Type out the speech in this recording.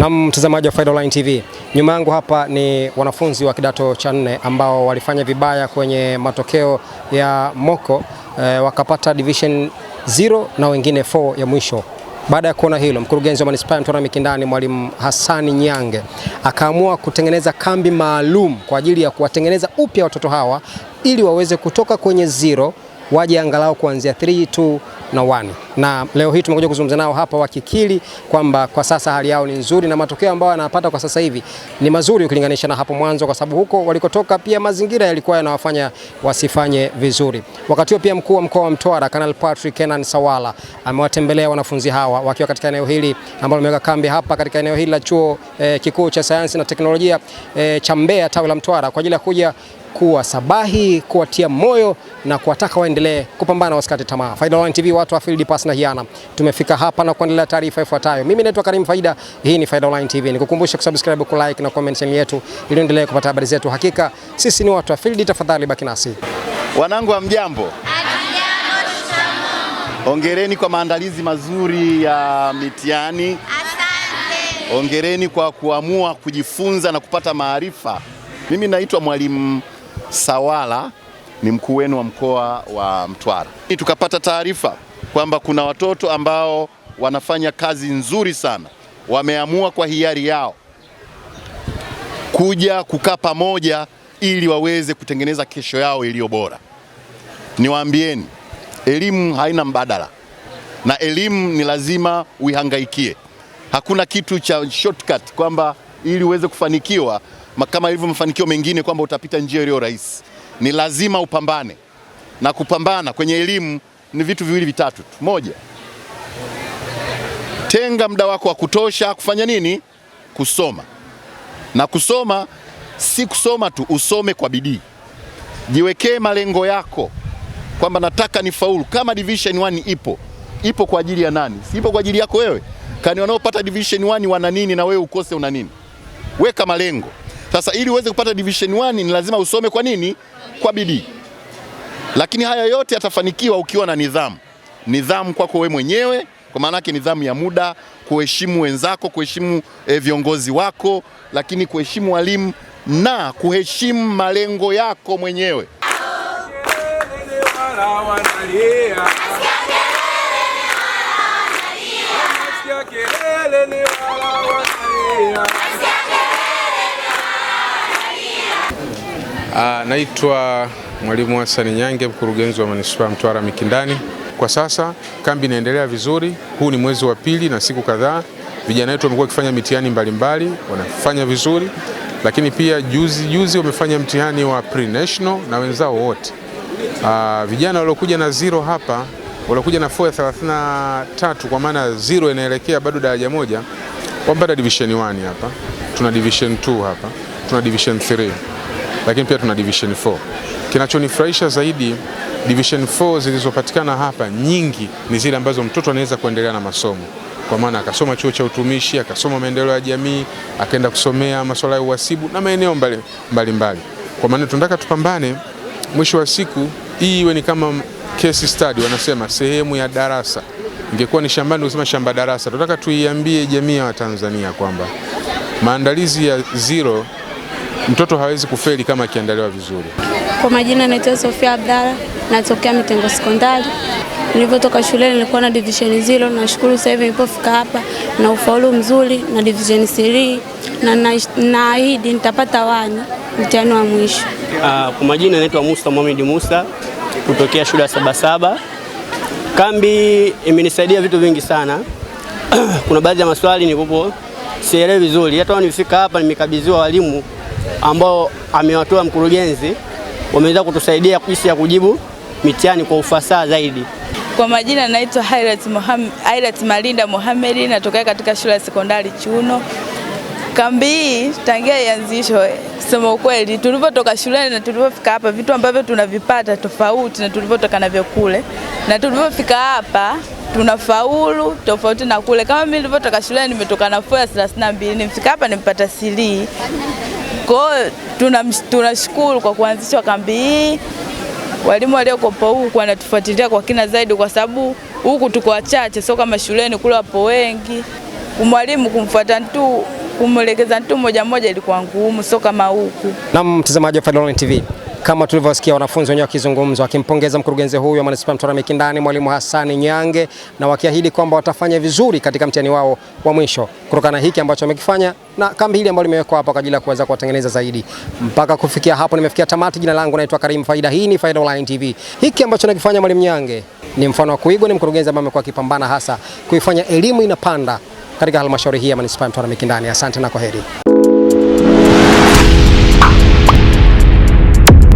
Na mtazamaji wa Faida Online TV, nyuma yangu hapa ni wanafunzi wa kidato cha nne ambao walifanya vibaya kwenye matokeo ya moko e, wakapata division 0 na wengine 4 ya mwisho. Baada ya kuona hilo, mkurugenzi wa manispaa ya Mtwara Mikindani Mwalimu Hassani Nyange akaamua kutengeneza kambi maalum kwa ajili ya kuwatengeneza upya watoto hawa ili waweze kutoka kwenye zero waje angalau kuanzia 3 2 na 1 na leo hii tumekuja kuzungumza nao hapa wakikiri kwamba kwa sasa hali yao ni nzuri na matokeo ambayo wanapata kwa sasa hivi ni mazuri ukilinganisha na hapo mwanzo, kwa sababu huko walikotoka pia mazingira yalikuwa yanawafanya wasifanye vizuri. Wakati huo pia mkuu wa mkoa wa Mtwara Kanali Patrick Kenan Sawala amewatembelea wanafunzi hawa wakiwa katika eneo hili ambalo wameweka kambi hapa katika eneo hili la chuo eh, kikuu cha sayansi na teknolojia eh, cha Mbeya tawi la Mtwara kwa ajili ya kuja kuwasabahi, kuwatia moyo na kuwataka waendelee kupambana, wasikate tamaa. Faida Online TV, watu wa field Jonas na Hiana. Tumefika hapa na kuendelea taarifa ifuatayo. Mimi naitwa Karim Faida, hii ni Faida Online TV. Nikukumbusha kusubscribe, ku like na comment channel yetu ili endelee kupata habari zetu. Hakika sisi ni watu wa field, tafadhali baki nasi. Wanangu wa mjambo, ongereni kwa maandalizi mazuri ya mitihani. Ongereni kwa kuamua kujifunza na kupata maarifa. Mimi naitwa Mwalimu Sawala ni mkuu wenu wa mkoa wa Mtwara. Tukapata taarifa kwamba kuna watoto ambao wanafanya kazi nzuri sana, wameamua kwa hiari yao kuja kukaa pamoja ili waweze kutengeneza kesho yao iliyo bora. Niwaambieni, elimu haina mbadala na elimu ni lazima uihangaikie. Hakuna kitu cha shortcut kwamba ili uweze kufanikiwa kama ilivyo mafanikio mengine kwamba utapita njia iliyo rahisi. Ni lazima upambane na kupambana kwenye elimu ni vitu viwili vitatu tu. Moja, tenga muda wako wa kutosha kufanya nini? Kusoma. Na kusoma si kusoma tu, usome kwa bidii. Jiwekee malengo yako kwamba nataka nifaulu. Kama division 1 ipo ipo kwa ajili ya nani? Si ipo kwa ajili yako wewe? Kani wanaopata division 1 wana nini na wewe ukose una nini? Weka malengo sasa. Ili uweze kupata division 1 ni lazima usome. Kwa nini? Kwa bidii. Lakini haya yote yatafanikiwa ukiwa na nidhamu. Nidhamu kwako wewe mwenyewe, kwa maana yake nidhamu ya muda, kuheshimu wenzako, kuheshimu eh, viongozi wako, lakini kuheshimu walimu na kuheshimu malengo yako mwenyewe. Uh, naitwa Mwalimu Hassan Nyange, mkurugenzi wa manispaa Mtwara Mikindani. Kwa sasa kambi inaendelea vizuri. Huu ni mwezi wa pili na siku kadhaa, vijana wetu wamekuwa wakifanya mitihani mbalimbali mbali, wanafanya vizuri, lakini pia juzi juzi wamefanya mtihani wa pre-national na wenzao wote. Uh, vijana waliokuja na zero hapa waliokuja na 433 kwa maana zero inaelekea bado daraja moja, wamepata division 1 hapa, tuna division 2 hapa, tuna division 3 lakini pia tuna division 4. Kinachonifurahisha zaidi division 4 zilizopatikana hapa nyingi ni zile ambazo mtoto anaweza kuendelea na masomo, kwa maana akasoma chuo cha utumishi, akasoma maendeleo ya jamii, akaenda kusomea masuala ya uhasibu na maeneo mbalimbali mbali Kwa maana tunataka tupambane, mwisho wa siku hii iwe ni kama case study, wanasema sehemu ya darasa ingekuwa ni shambani, usema shamba darasa. Tunataka tuiambie jamii ya Watanzania kwamba maandalizi ya zero mtoto hawezi kufeli kama akiandaliwa vizuri. Kwa majina naitwa Sofia Abdalla, natokea Mitengo Sekondari. Nilivyotoka shule nilikuwa na division zero, nashukuru sasa hivi nilipofika hapa na ufaulu mzuri na division 3 na naahidi na nitapata wani mtihani wa mwisho. Uh, kwa majina naitwa Musa Mohamed Musa kutokea shule ya Sabasaba. Kambi imenisaidia vitu vingi sana. Kuna baadhi ya maswali nilipo sielewi vizuri, hata nilifika hapa nimekabidhiwa walimu ambao amewatoa mkurugenzi wameweza kutusaidia jinsi ya kujibu mitihani kwa ufasaha zaidi. Kwa majina naitwa Hailat Malinda Mohamed, natokea katika shule ya sekondari Chuno. Kambi hii tangia ianzisho, kusema ukweli, tulivyotoka shuleni na tulivyofika hapa, vitu ambavyo tunavipata tofauti na tulivyotoka navyo kule, na tulivyofika hapa tunafaulu tofauti na kule. Kama mimi nilivyotoka shuleni, nimetoka na 432 nimfika hapa nimepata silii kwa hiyo tunashukuru kwa kuanzishwa kambi hii, walimu waliokopa huku wanatufuatilia kwa kina zaidi, kwa sababu huku tuko wachache, sio kama shuleni kule wapo wengi. Mwalimu kumfuata tu kumwelekeza mtu mmoja mmoja ilikuwa ngumu, sio kama huku. Na mtazamaji wa Faida TV kama tulivyosikia wanafunzi wenyewe wakizungumza wakimpongeza mkurugenzi huyu wa manispaa Mtwara Mikindani Mwalimu Hasani Nyange, na wakiahidi kwamba watafanya vizuri katika mtihani wao wa mwisho kutokana na hiki ambacho wamekifanya na kambi hili ambayo limewekwa hapa kwa ajili ya kuweza kuwatengeneza zaidi. Mpaka kufikia hapo nimefikia tamati. Jina langu naitwa Karim Faida, hii ni Faida Online TV. Hiki ambacho nakifanya Mwalimu Nyange ni mfano wa kuigwa, ni mkurugenzi ambaye amekuwa akipambana hasa kuifanya elimu inapanda katika halmashauri hii ya manispaa Mtwara Mikindani. Asante na kwaheri.